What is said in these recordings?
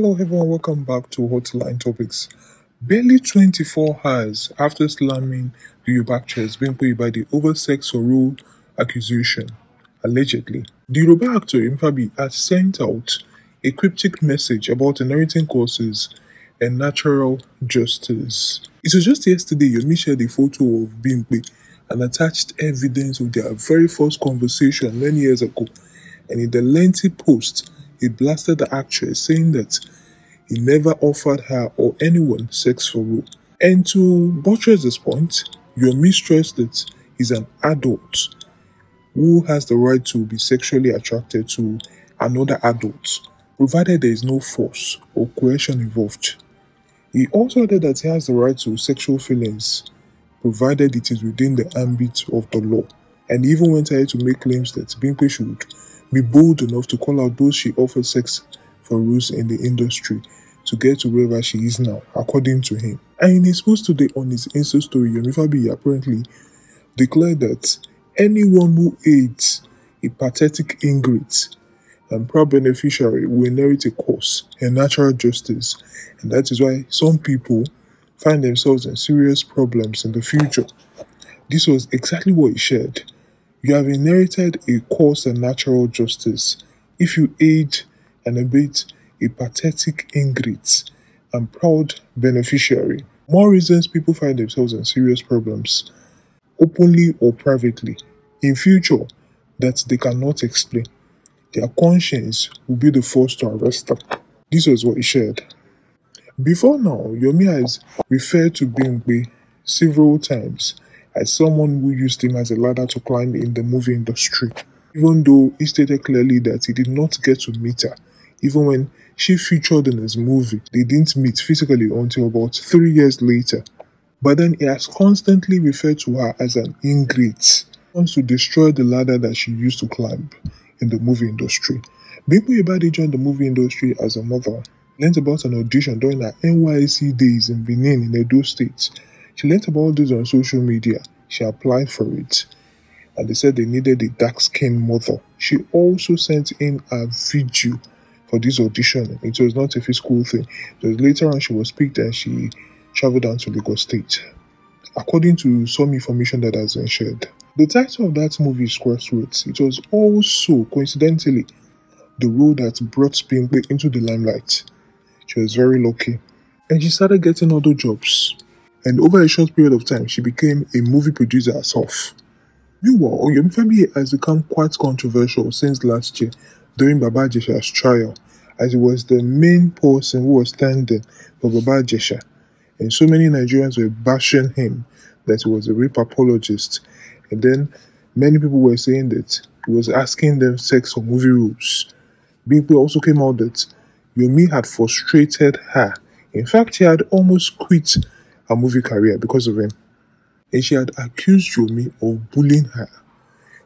Hello everyone, welcome back to Hotline Topics. Barely 24 hours after slamming the Yoruba being put by the oversex or rule accusation, allegedly, the Yoruba actor Imfabi has sent out a cryptic message about inheriting courses and natural justice. It was just yesterday Yomi shared a photo of Bimpe and attached evidence of their very first conversation many years ago, and in the lengthy post, he blasted the actress, saying that he never offered her or anyone sex for rule. And to buttress this point, your mistress that is an adult who has the right to be sexually attracted to another adult, provided there is no force or coercion involved. He also added that he has the right to sexual feelings, provided it is within the ambit of the law, and even went ahead to make claims that Bimpe should be bold enough to call out those she offered sex for roles in the industry to get to wherever she is now, according to him. And in his post today on his Insta story, Yomifabi apparently declared that anyone who aids a pathetic ingrate and proud beneficiary will inherit a course in natural justice, and that is why some people find themselves in serious problems in the future. This was exactly what he shared you have inherited a course and natural justice if you aid and abet a pathetic ingrate and proud beneficiary. More reasons people find themselves in serious problems, openly or privately, in future that they cannot explain. Their conscience will be the first to arrest them. This was what he shared. Before now, Yomi has referred to Bingbe several times as someone who used him as a ladder to climb in the movie industry, even though he stated clearly that he did not get to meet her. Even when she featured in his movie, they didn't meet physically until about three years later. But then he has constantly referred to her as an ingrate, wants to destroy the ladder that she used to climb in the movie industry. Bimbo Ibadi joined the movie industry as a mother, learned about an audition during her NYC days in Benin in Edo State, she learnt about this on social media. She applied for it. And they said they needed a dark skinned mother. She also sent in a video for this audition. It was not a physical thing. But later on, she was picked and she traveled down to Lagos State. According to some information that has been shared, the title of that movie is Crossroads. It was also, coincidentally, the role that brought Spingley into the limelight. She was very lucky. And she started getting other jobs and over a short period of time, she became a movie producer herself. Meanwhile, Oyomi family has become quite controversial since last year during Baba Jesha's trial, as he was the main person who was standing for Baba Jesha, and so many Nigerians were bashing him that he was a rape apologist, and then many people were saying that he was asking them sex for movie roles. People also came out that Yomi had frustrated her. In fact, he had almost quit her movie career because of him. And she had accused Yomi of bullying her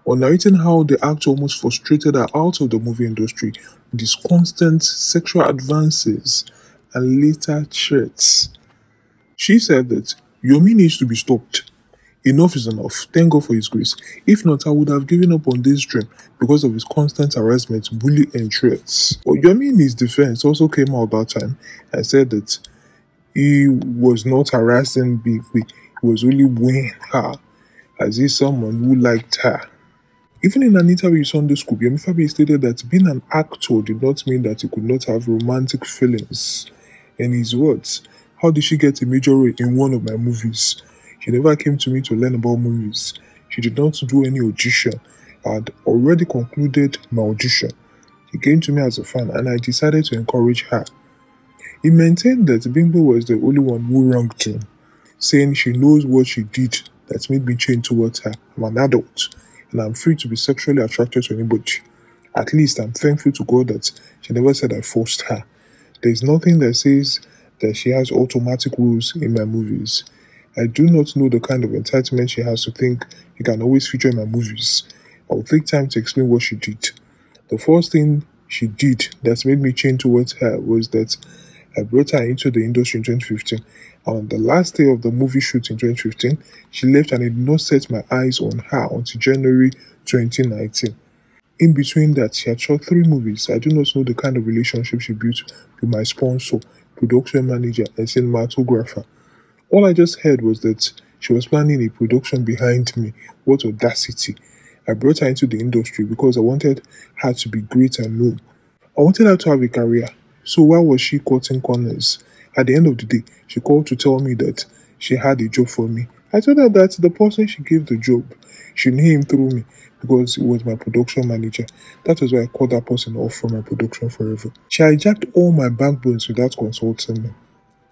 On narrating how the actor almost frustrated her out of the movie industry with his constant sexual advances and later threats. She said that Yomi needs to be stopped. Enough is enough. Thank God for his grace. If not, I would have given up on this dream because of his constant harassment, bullying, and threats. But Yomi, in his defense, also came out that time and said that he was not harassing Bigby, he was really weighing her as if someone who liked her. Even in an interview with Sunday School, Yemi stated that being an actor did not mean that he could not have romantic feelings. In his words, how did she get a major role in one of my movies? She never came to me to learn about movies. She did not do any audition. I had already concluded my audition. She came to me as a fan and I decided to encourage her. He maintained that Bimbo was the only one who wronged him, saying she knows what she did that made me change towards her. I'm an adult and I'm free to be sexually attracted to anybody. At least I'm thankful to God that she never said I forced her. There's nothing that says that she has automatic rules in my movies. I do not know the kind of entitlement she has to think she can always feature in my movies. I will take time to explain what she did. The first thing she did that made me change towards her was that I brought her into the industry in 2015. And on the last day of the movie shoot in 2015, she left and I did not set my eyes on her until January 2019. In between that, she had shot three movies. I do not know the kind of relationship she built with my sponsor, production manager, and cinematographer. All I just heard was that she was planning a production behind me. What audacity! I brought her into the industry because I wanted her to be great and known. I wanted her to have a career. So why was she cutting corners? At the end of the day, she called to tell me that she had a job for me. I told her that the person she gave the job, she knew him through me because he was my production manager. That was why I called that person off from my production forever. She hijacked all my backbones without consulting me.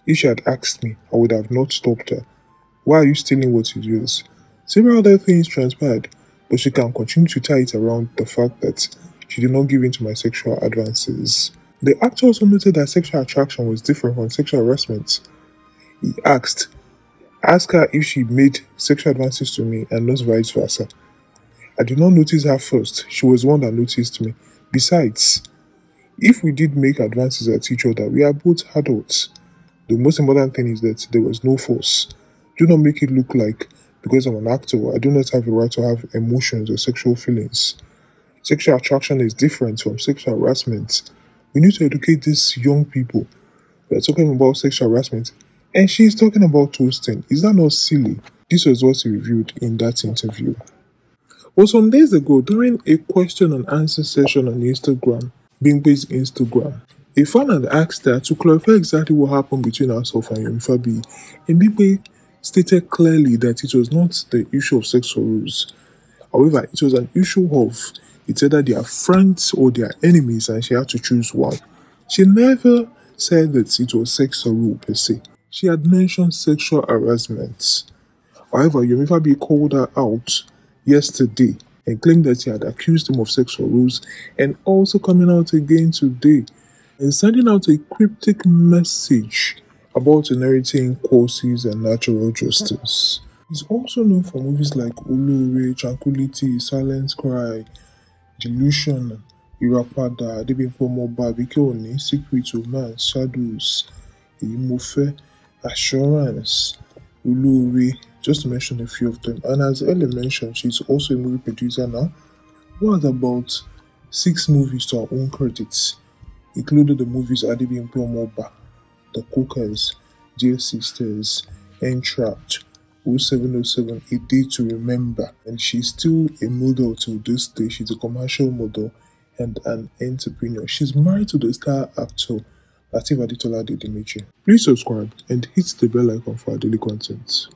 If she had asked me, I would have not stopped her. Why are you stealing what is yours? Several other things transpired, but she can continue to tie it around the fact that she did not give in to my sexual advances. The actor also noted that sexual attraction was different from sexual harassment. He asked, Ask her if she made sexual advances to me and not vice versa. I did not notice her first. She was the one that noticed me. Besides, if we did make advances at each other, we are both adults. The most important thing is that there was no force. Do not make it look like because I'm an actor, I do not have the right to have emotions or sexual feelings. Sexual attraction is different from sexual harassment. We need to educate these young people. We're talking about sexual harassment. And she's talking about toasting. Is that not silly? This was what she revealed in that interview. Well, some days ago, during a question and answer session on Instagram, Bingbe's Instagram, a fan had asked her to clarify exactly what happened between herself and Yomifabi, and Bingbe stated clearly that it was not the issue of sexual rules. However, it was an issue of it's either they are friends or they are enemies, and she had to choose one. She never said that it was sexual rule per se. She had mentioned sexual harassment. However, Yomifa B called her out yesterday and claimed that she had accused him of sexual rules and also coming out again today and sending out a cryptic message about inheriting courses and natural justice. He's also known for movies like Uluri, Tranquility, Silence Cry, Delusion, Ìràpadà Adébíyì Ọmọọba Àbíkẹ́ Òní, Secret Woman, Shadows, Èyí Mo Fẹ́, Assurance, Olóore, just to mention a few of them. And as Ellie mentioned, she's also a movie producer now, What about six movies to her own credits, including the movies Adibimpe Omoba, The Cookers, Dear Sisters, Entrapped, 0707 A Day to Remember, and she's still a model to this day. She's a commercial model and an entrepreneur. She's married to the star actor Latif Aditola Dimitri. Please subscribe and hit the bell icon for daily content.